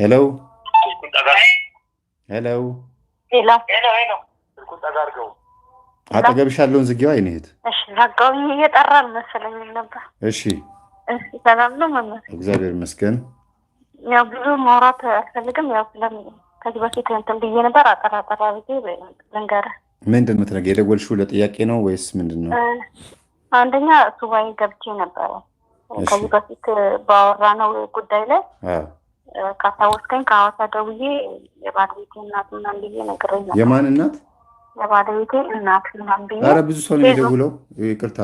ሄሎ ሄሎ አጠገብሽ ያለውን ዝጊዋ አይን እህት ጋዊ እየጠራ አልመሰለኝም ነበር። እሺ ሰላም ነው መመስ እግዚአብሔር ይመስገን። ያው ብዙ ማውራት አልፈልግም። ያው ከዚህ በፊት እንትን ብዬ ነበር አጠራ አጠራ ብዬ ልንገርህ። ምንድን ምትነገ የደወልሽው ለጥያቄ ነው ወይስ ምንድን ነው? አንደኛ ሱባኤ ገብቼ ነበረ ከዚህ በፊት ባወራ ነው ጉዳይ ላይ ካሳወስከኝ ከሐዋሳ ደውዬ የባለቤቴ እናት ምናምን ብዬ ነግረኝ የማን እናት? የባለቤቴ እናት ምናምን ብዬ። ኧረ ብዙ ሰው ነው የደውለው። ይቅርታ፣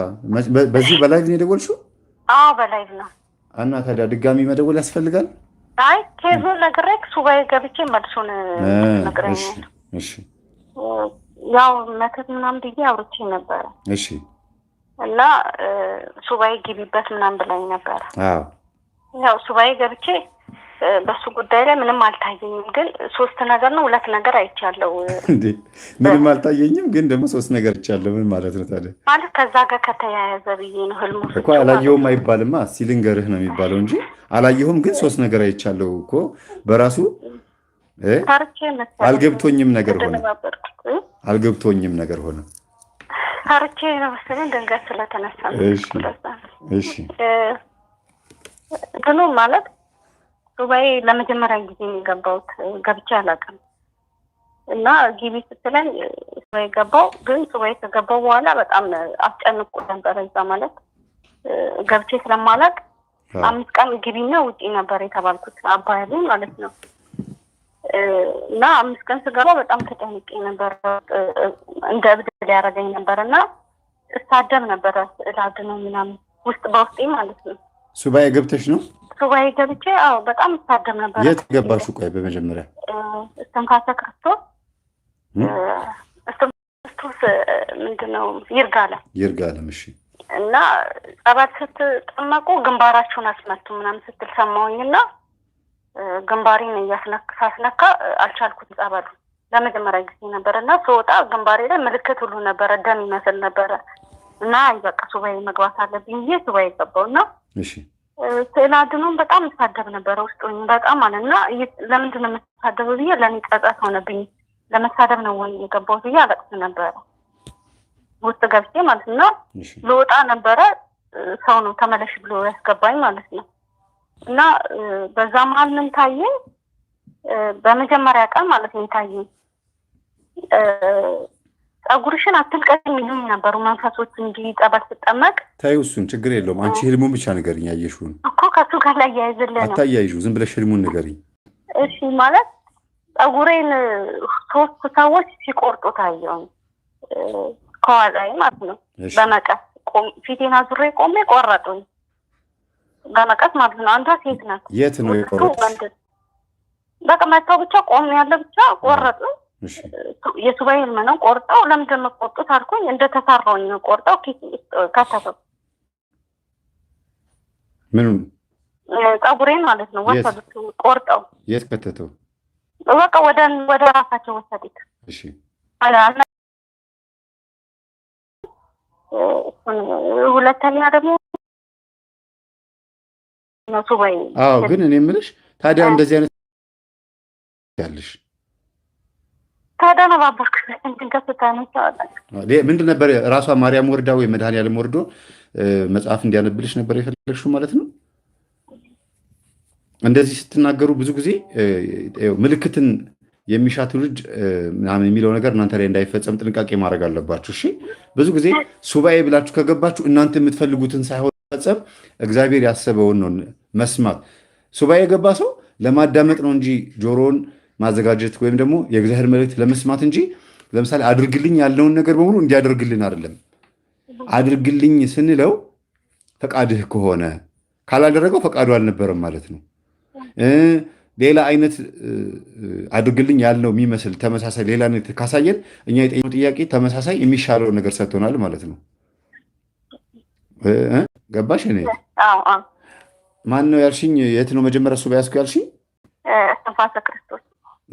በዚህ በላይቭ ነው የደወልሽው? አዎ በላይቭ ነው። እና ታዲያ ድጋሚ መደወል ያስፈልጋል? አይ ኬዙን ነግሬክ ሱባኤ ገብቼ መልሱን ነግረኛል። ያው መተት ምናምን ብዬ አውርቼ ነበረ። እሺ እና ሱባኤ ግቢበት ምናምን ብላኝ ነበረ። ያው ሱባኤ ገብቼ በሱ ጉዳይ ላይ ምንም አልታየኝም፣ ግን ሶስት ነገር ነው ሁለት ነገር አይቻለው። ምንም አልታየኝም፣ ግን ደግሞ ሶስት ነገር አይቻለሁ። ምን ማለት ነው ታዲያ? ማለት ከዛ ጋር ከተያያዘ ብዬ ነው። ህልሙ እኮ አላየሁም አይባልማ፣ ሲልንገርህ ነው የሚባለው እንጂ አላየሁም፣ ግን ሶስት ነገር አይቻለሁ እኮ በራሱ አልገብቶኝም ነገር ሆነ አልገብቶኝም ነገር ሆነ ታርቼ ነው መሰለኝ ድንገት ስለተነሳ ግኑ ማለት ዱባይ ለመጀመሪያ ጊዜ የሚገባውት የገባሁት። ገብቼ አላውቅም እና ጊቢ ስትለኝ ሱባኤ ገባው። ግን ሱባኤ ከገባው በኋላ በጣም አስጨንቁ ነበረ። እዛ ማለት ገብቼ ስለማላውቅ አምስት ቀን ግቢና ውጪ ነበር የተባልኩት አባያሉ ማለት ነው። እና አምስት ቀን ስገባ በጣም ተጨንቄ ነበር። እንደ እብድ ሊያደርገኝ ነበር እና እሳደብ ነበረ ስዕል ነው ምናምን ውስጥ በውስጤ ማለት ነው። ሱባኤ ገብተሽ ነው ሱባኤ ገብቼ አዎ በጣም ይታደም ነበር። የት ገባሽ? ቆይ በመጀመሪያ እስትንፋሰ ክርስቶስ ክርስቶስ ምንድነው ይርጋለም ይርጋለም። እሺ እና ጸበል ስትጠመቁ ግንባራችሁን አስመቱ ምናምን ስትል ሰማውኝ ሰማሁኝና ግንባሬን እያስነካ አልቻልኩት። ጸበሉ ለመጀመሪያ ጊዜ ነበር እና ስወጣ ግንባሬ ላይ ምልክት ሁሉ ነበረ፣ ደም ይመስል ነበረ እና በቃ ሱባኤ መግባት አለብኝ ብዬ ሱባኤ ገባው እና ስዕል አድኖም በጣም እሳደብ ነበረ ውስጥ በጣም ማለት እና ለምንድን ነው የምትሳደበው ብዬ ለእኔ ጸጸት ሆነብኝ። ለመሳደብ ነው ወይ የገባሁት ብዬ አለቅስ ነበረ ውስጥ ገብቼ ማለት ነው። ልወጣ ነበረ ሰው ነው ተመለሽ ብሎ ያስገባኝ ማለት ነው። እና በዛ መሀል ምን ታየኝ? በመጀመሪያ ቀን ማለት ነው የታየኝ ጸጉርሽን አትልቀቅም ይሉኝ ነበሩ መንፈሶች። እንዲህ ጸባት ስጠመቅ ተይው፣ እሱን ችግር የለውም። አንቺ ህልሙን ብቻ ንገሪኝ። ያየሽውን እኮ ከሱ ጋር ላይ ያይዝልን። አታያይዡ፣ ዝም ብለሽ ህልሙን ንገሪኝ። እሺ ማለት ጸጉሬን ሶስት ሰዎች ሲቆርጡ ታየውኝ፣ ከኋላዬ ማለት ነው። በመቀስ ፊቴን አዙሬ ቆሜ ቆረጡኝ፣ በመቀስ ማለት ነው። አንዷ ሴት ናት። የት ነው የቆረጡት? በቃ መጥተው ብቻ ቆሜ ያለ ብቻ ቆረጡኝ። የሱባኤ ህልም ነው። ቆርጠው ለምንድን ነው የምትቆርጡት አልኩኝ። እንደተሳራውኝ ነው ቆርጠው ከተተው ምኑ ፀጉሬን ማለት ነው ወሰዱት ቆርጠው። የት ከተተው? በቃ ወደ ወደ ራሳቸው ወሰዱት። እሺ ሁለተኛ ደግሞ ሱባኤ። አዎ ግን እኔ የምልሽ ታዲያ እንደዚህ አይነት ያለሽ ተደነባበርኩ። ምንድን ነበር ራሷ ማርያም ወርዳ ወይ መድኃኔዓለም ወርዶ መጽሐፍ እንዲያነብልሽ ነበር የፈለግሽው ማለት ነው። እንደዚህ ስትናገሩ ብዙ ጊዜ ምልክትን የሚሻ ትውልድ ምናምን የሚለው ነገር እናንተ ላይ እንዳይፈጸም ጥንቃቄ ማድረግ አለባችሁ። እሺ፣ ብዙ ጊዜ ሱባኤ ብላችሁ ከገባችሁ እናንተ የምትፈልጉትን ሳይሆን ፈጸም እግዚአብሔር ያሰበውን ነው መስማት። ሱባኤ የገባ ሰው ለማዳመጥ ነው እንጂ ጆሮን ማዘጋጀት ወይም ደግሞ የእግዚአብሔር መልእክት ለመስማት እንጂ ለምሳሌ አድርግልኝ ያለውን ነገር በሙሉ እንዲያደርግልን አይደለም። አድርግልኝ ስንለው ፈቃድህ ከሆነ ካላደረገው ፈቃዱ አልነበረም ማለት ነው። ሌላ አይነት አድርግልኝ ያለው የሚመስል ተመሳሳይ ሌላ አይነት ካሳየን እኛ የጠየቅነው ጥያቄ ተመሳሳይ የሚሻለው ነገር ሰጥቶናል ማለት ነው። ገባሽ? እኔ ማን ነው ያልሽኝ? የት ነው መጀመሪያ እሱ በያዝኩ ያልሽኝ? ተንፋሰ ክርስቶስ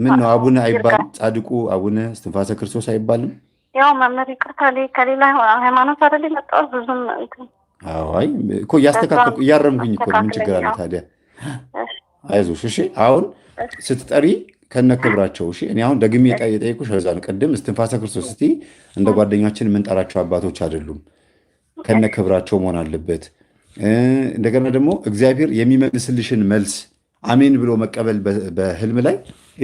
ምን ነው አቡነ አይባልም? ጻድቁ አቡነ እስትንፋሰ ክርስቶስ አይባልም? ያው መምህር ይቅርታ፣ ከሌላ ሃይማኖት አይደል የመጣሁት ብዙም አይ እኮ እያስተካከልኩ እያረምኩኝ እኮ ምን ችግር አለ ታዲያ? አይዞሽ እሺ። አሁን ስትጠሪ ከነክብራቸው እሺ። እኔ አሁን ደግሜ የጠየቁሽ ከዛ ነው። ቅድም እስትንፋሰ ክርስቶስ ስትይ እንደ ጓደኛችን የምንጠራቸው አባቶች አይደሉም፣ ከነክብራቸው መሆን አለበት። እንደገና ደግሞ እግዚአብሔር የሚመልስልሽን መልስ አሜን ብሎ መቀበል በህልም ላይ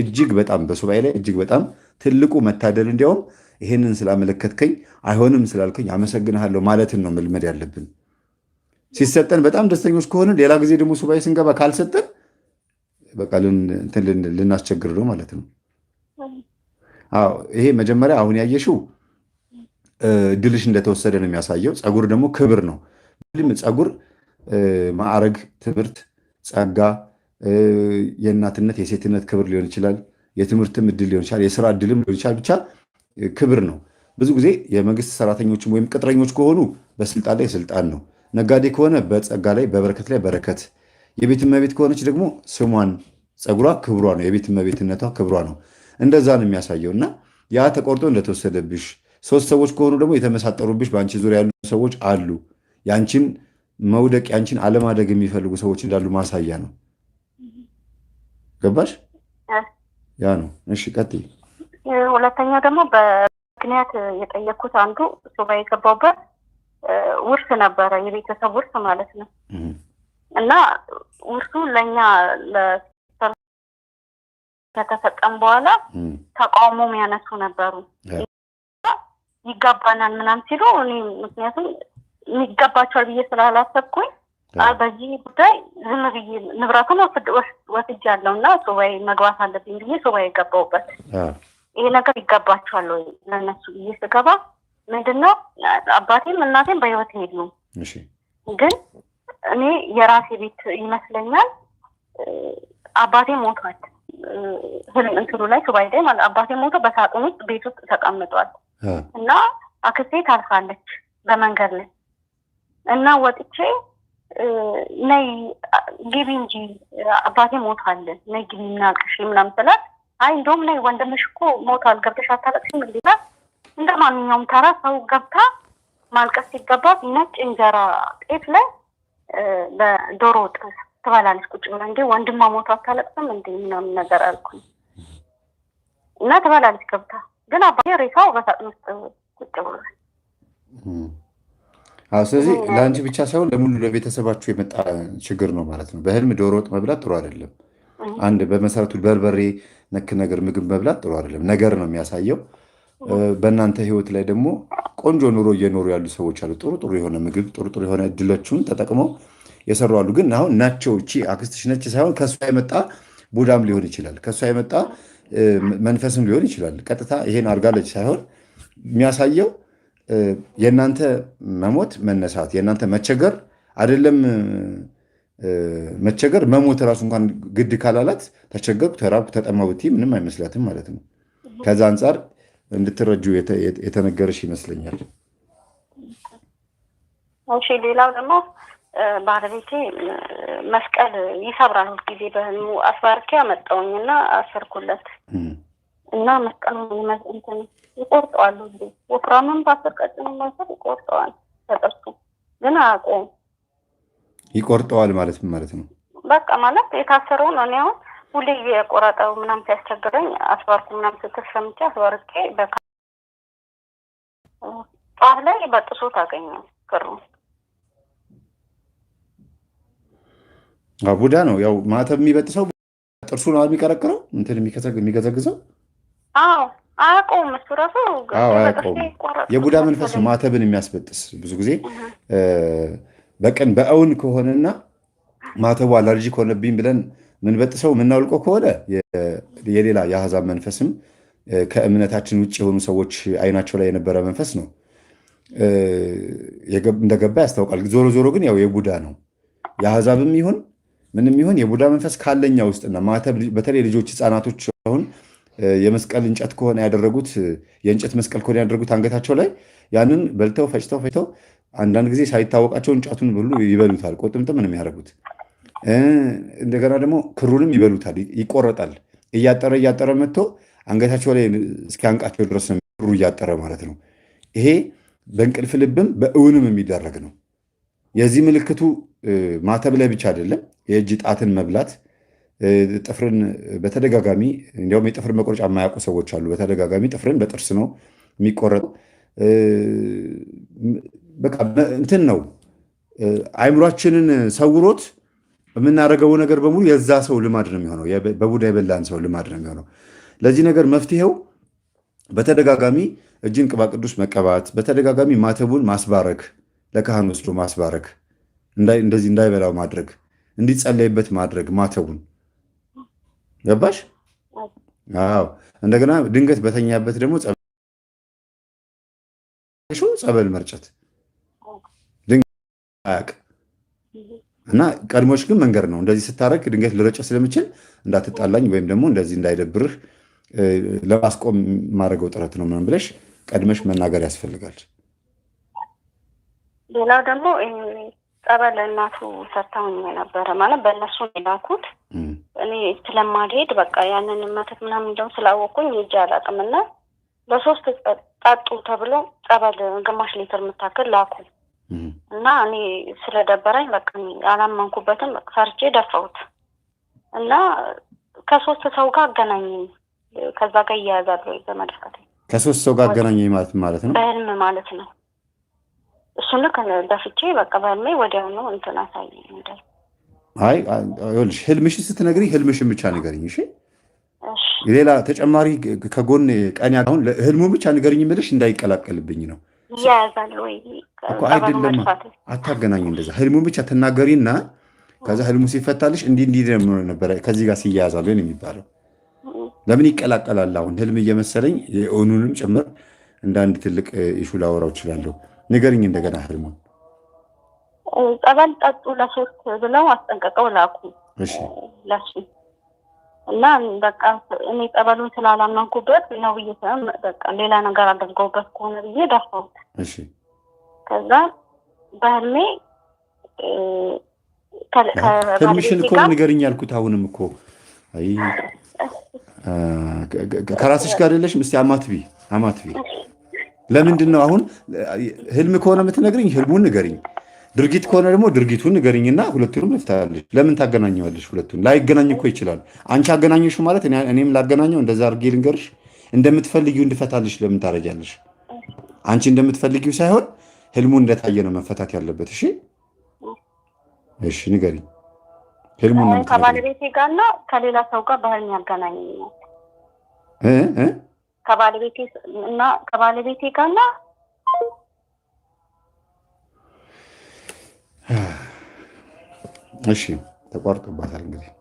እጅግ በጣም በሱባኤ ላይ እጅግ በጣም ትልቁ መታደል እንዲያውም ይህንን ስላመለከትከኝ አይሆንም ስላልከኝ አመሰግንሃለሁ ማለትን ነው መልመድ ያለብን። ሲሰጠን በጣም ደስተኞች ከሆንን ሌላ ጊዜ ደግሞ ሱባኤ ስንገባ ካልሰጠን በቃ ልናስቸግር ነው ማለት ነው። አዎ ይሄ መጀመሪያ አሁን ያየሽው ድልሽ እንደተወሰደ ነው የሚያሳየው። ፀጉር ደግሞ ክብር ነው። ፀጉር ማዕረግ፣ ትምህርት፣ ጸጋ የእናትነት የሴትነት ክብር ሊሆን ይችላል። የትምህርትም እድል ሊሆን ይችላል። የስራ እድልም ሊሆን ይችላል። ብቻ ክብር ነው። ብዙ ጊዜ የመንግስት ሰራተኞችም ወይም ቅጥረኞች ከሆኑ በስልጣን ላይ ስልጣን ነው። ነጋዴ ከሆነ በጸጋ ላይ በበረከት ላይ በረከት። የቤት እመቤት ከሆነች ደግሞ ስሟን፣ ፀጉሯ ክብሯ ነው። የቤት እመቤትነቷ ክብሯ ነው። እንደዛ ነው የሚያሳየው እና ያ ተቆርጦ እንደተወሰደብሽ ሶስት ሰዎች ከሆኑ ደግሞ የተመሳጠሩብሽ በአንቺ ዙሪያ ያሉ ሰዎች አሉ። ያንቺን መውደቅ ያንቺን አለማደግ የሚፈልጉ ሰዎች እንዳሉ ማሳያ ነው። ገባሽ? ያ ነው። እሺ ቀጥይ። ሁለተኛ ደግሞ በምክንያት የጠየኩት አንዱ ሱባ የገባውበት ውርስ ነበረ፣ የቤተሰብ ውርስ ማለት ነው። እና ውርሱ ለእኛ ከተሰጠም በኋላ ተቃውሞ የሚያነሱ ነበሩ፣ ይጋባናል ምናምን ሲሉ እኔ ምክንያቱም የሚገባቸዋል ብዬ ስላላሰብኩኝ በዚህ ጉዳይ ዝም ብዬ ንብረቱን ወስጃለሁ እና ሱባኤ መግባት አለብኝ ብዬ ሱባኤ የገባውበት ይሄ ነገር ይገባቸዋል ወይ ለእነሱ ብዬ ስገባ ምንድነው አባቴም እናቴም በህይወት ሄዱ። ግን እኔ የራሴ ቤት ይመስለኛል። አባቴ ሞቷል። ህልም እንትሉ ላይ ሱባኤ ላይ ማለት አባቴ ሞቶ በሳጥን ውስጥ ቤት ውስጥ ተቀምጧል እና አክስቴ ታልፋለች በመንገድ ላይ እና ወጥቼ ነይ ግቢ እንጂ አባቴ ሞቷል፣ ነይ ግቢ እናልቅሽ ምናምን ስላት፣ አይ እንደውም ነይ ወንድምሽ እኮ ሞቷል፣ ገብተሽ አታለቅሽም እንዴታ እንደ ማንኛውም ተራ ሰው ገብታ ማልቀስ ሲገባት ነጭ እንጀራ ጤፍ ላይ በዶሮ ወጥ ትበላለች ቁጭ ብላ። እንዴ ወንድማ ሞቷ አታለቅስም እንዴ ምናምን ነገር አልኩኝ እና ትበላለች ገብታ። ግን አባቴ ሬሳው በሳጥን ውስጥ ቁጭ ብሏል። ስለዚህ ለአንቺ ብቻ ሳይሆን ለሙሉ ለቤተሰባችሁ የመጣ ችግር ነው ማለት ነው። በህልም ዶሮ ወጥ መብላት ጥሩ አይደለም። አንድ በመሰረቱ በርበሬ ነክ ነገር ምግብ መብላት ጥሩ አይደለም ነገር ነው የሚያሳየው። በእናንተ ህይወት ላይ ደግሞ ቆንጆ ኑሮ እየኖሩ ያሉ ሰዎች አሉ። ጥሩ ጥሩ የሆነ ምግብ ጥሩ ጥሩ የሆነ እድሎችን ተጠቅመው የሰሩ አሉ። ግን አሁን ናቸው እቺ አክስትሽ ነች ሳይሆን ከእሷ የመጣ ቡዳም ሊሆን ይችላል። ከእሷ የመጣ መንፈስም ሊሆን ይችላል። ቀጥታ ይሄን አድርጋለች ሳይሆን የሚያሳየው የእናንተ መሞት መነሳት የእናንተ መቸገር አይደለም መቸገር መሞት እራሱ እንኳን ግድ ካላላት ተቸገርኩ፣ ተራብኩ፣ ተጠማሁ ብትይ ምንም አይመስላትም ማለት ነው። ከዛ አንጻር እንድትረጁ የተነገረሽ ይመስለኛል። እሺ፣ ሌላው ደግሞ ባለቤቴ መስቀል ይሰብራል ሁልጊዜ በህልሙ አስባርኪ አመጣውኝ እና አሰርኩለት እና መስቀሉ ይቆርጠዋል። ሁሉ ወፍራምም በአስር ቀጭን ማሰር ይቆርጠዋል። ተጠርሱ ግን አያውቀውም። ይቆርጠዋል ማለት ማለት ነው? በቃ ማለት የታሰረውን እኔ አሁን ሁሌ የቆረጠው ምናም ሲያስቸግረኝ አስባርኩ ምናም ስትል ሰምቼ አስባርቄ በቃ ጧፍ ላይ በጥሶ ታገኘ ክሩ ቡዳ ነው ያው ማተብ የሚበጥሰው ጥርሱ ነው የሚቀረቅረው እንትን የሚገዘግዘው አዎ አያውቀውም ራሱ የቡዳ መንፈስ ማተብን የሚያስበጥስ ብዙ ጊዜ በቀን በእውን ከሆነና ማተቡ አላርጂ ከሆነብኝ ብለን ምንበጥሰው የምናውልቀው ከሆነ የሌላ የአህዛብ መንፈስም ከእምነታችን ውጭ የሆኑ ሰዎች አይናቸው ላይ የነበረ መንፈስ ነው እንደገባ ያስታውቃል። ዞሮ ዞሮ ግን ያው የቡዳ ነው። የአህዛብም ይሁን ምንም ይሁን የቡዳ መንፈስ ካለኛ ውስጥና ማተብ በተለይ ልጆች ህፃናቶች አሁን የመስቀል እንጨት ከሆነ ያደረጉት የእንጨት መስቀል ከሆነ ያደረጉት አንገታቸው ላይ ያንን በልተው ፈጭተው ፈጭተው አንዳንድ ጊዜ ሳይታወቃቸው እንጨቱን ሁሉ ይበሉታል። ቆጥምጥም ነው የሚያደርጉት። እንደገና ደግሞ ክሩንም ይበሉታል። ይቆረጣል። እያጠረ እያጠረ መጥቶ አንገታቸው ላይ እስኪያንቃቸው ድረስ ነው ክሩ እያጠረ ማለት ነው። ይሄ በእንቅልፍ ልብም በእውንም የሚደረግ ነው። የዚህ ምልክቱ ማተብ ላይ ብቻ አይደለም፣ የእጅ ጣትን መብላት ጥፍርን በተደጋጋሚ እንዲያውም የጥፍር መቁረጫ የማያውቁ ሰዎች አሉ። በተደጋጋሚ ጥፍርን በጥርስ ነው የሚቆረጥ። በቃ እንትን ነው አይምሯችንን ሰውሮት የምናደርገው ነገር በሙሉ የዛ ሰው ልማድ ነው የሚሆነው። በቡዳ የበላን ሰው ልማድ ነው የሚሆነው። ለዚህ ነገር መፍትሄው በተደጋጋሚ እጅን ቅባ ቅዱስ መቀባት፣ በተደጋጋሚ ማተቡን ማስባረክ፣ ለካህን ወስዶ ማስባረክ፣ እንደዚህ እንዳይበላው ማድረግ፣ እንዲጸለይበት ማድረግ ማተቡን ገባሽ? አዎ። እንደገና ድንገት በተኛበት ደግሞ ጸበል መርጨት ድንገት እና ቀድሞች ግን መንገድ ነው እንደዚህ ስታደርግ ድንገት ልረጨ ስለምችል እንዳትጣላኝ ወይም ደግሞ እንደዚህ እንዳይደብርህ ለማስቆም የማደርገው ጥረት ነው ምናምን ብለሽ ቀድመሽ መናገር ያስፈልጋል። ሌላው ደግሞ ጸበል እናቱ ሰርተውኝ የነበረ ማለት በእነሱ የላኩት እኔ ስለማልሄድ በቃ ያንን መተት ምናምን እንደውም ስላወቅኩኝ እጅ አላቅም እና በሶስት ጠጡ ተብሎ ጸበል ግማሽ ሊትር የምታክል ላኩ እና እኔ ስለደበረኝ በቃ አላመንኩበትም። ፈርቼ ደፈውት እና ከሶስት ሰው ጋር አገናኘኝ። ከዛ ጋር እያያዛለ በመድፋት ከሶስት ሰው ጋር አገናኘኝ ማለት ማለት ነው በህልም ማለት ነው እሱን ልክ ደፍቼ በቃ በህልሜ ወዲያውኑ እንትን አሳየኝ። አይ ይኸውልሽ፣ ህልምሽን ስትነግሪኝ ህልምሽን ብቻ ንገሪኝ። እሺ ሌላ ተጨማሪ ከጎን ቀን አሁን ህልሙን ብቻ ንገሪኝ የምልሽ እንዳይቀላቀልብኝ ነው። አይደለም አታገናኝ። እንደዛ ህልሙን ብቻ ትናገሪና ከዛ ህልሙ ሲፈታልሽ እንዲህ እንዲህ ነው ነበረ ከዚህ ጋር ሲያያዛል የሚባለው ለምን ይቀላቀላል? አሁን ህልም እየመሰለኝ የእውኑንም ጭምር እንደ አንድ ትልቅ ኢሹ ላወራው እችላለሁ። ንገርኝ እንደገና ህልሙን። ጸበል ጠጡ ለሶስት ብለው አስጠንቀቀው ላኩ ለሱ እና በቃ እኔ ጸበሉን ስላላመንኩበት ነው ብዬ በቃ ሌላ ነገር አድርገውበት ከሆነ ብዬ ዳፋሁት። ከዛ በህልሜ ህልምሽን እኮ ንገርኝ ያልኩት አሁንም እኮ ከራስሽ ጋር የለሽም። እስኪ አማትቢ አማትቢ ለምንድን ነው አሁን ህልም ከሆነ የምትነግርኝ ህልሙን ንገርኝ፣ ድርጊት ከሆነ ደግሞ ድርጊቱን ንገርኝና ሁለቱንም ልፍታለሽ። ለምን ታገናኘዋለች? ሁለቱን ላይገናኝ እኮ ይችላል። አንቺ አገናኘሽ ማለት እኔም ላገናኘው እንደዛ አድርጌ ልንገርሽ። እንደምትፈልጊው እንድፈታልሽ ለምን ታረጃለሽ? አንቺ እንደምትፈልጊው ሳይሆን ህልሙን እንደታየ ነው መፈታት ያለበት። እሺ፣ እሺ፣ ንገሪኝ። ህልሙን ከባለቤቴ ከሌላ ሰው ጋር በህልም ያገናኘኛል ከባለቤቴ እና ከባለቤቴ ጋር እና እሺ ተቋርጦባታል እንግዲህ